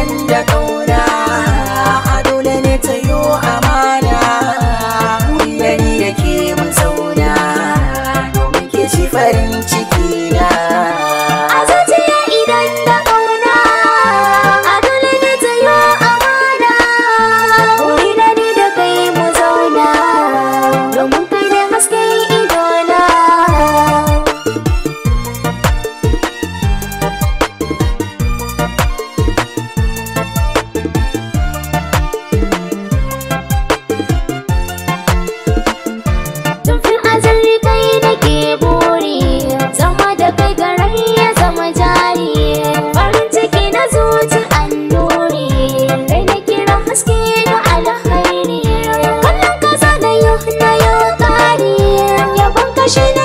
Yan da kauna a dole ne ta yi amana wuyari da ke zauna, domin ke ci farin ciki taşını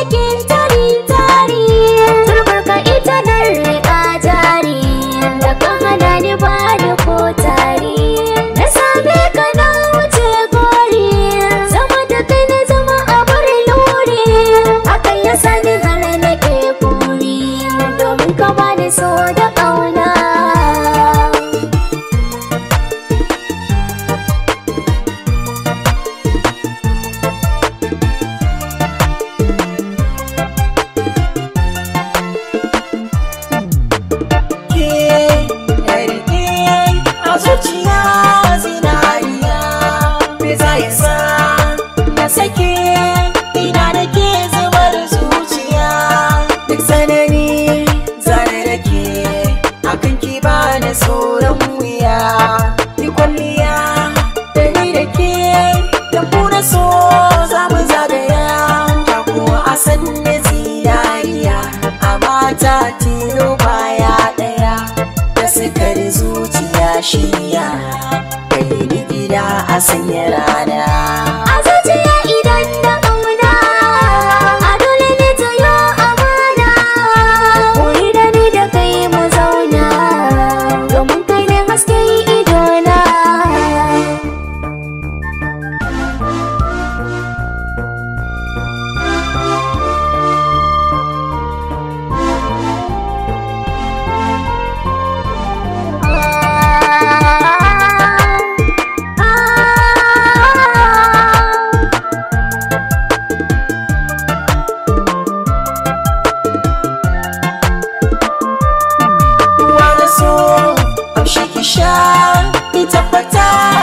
zuciya zinariya me za ya sa na sake ina da ke zubar zuciya duk tsanani zane da ke akan ki ba da tsoron wuya ki kwalliya da ni da ke da kuna so za mu zagaya ta ko a san ne zinariya a mata tilo baya ɗaya da sukari zuciya shirya kai ni gida a sanya rana dicap-pecah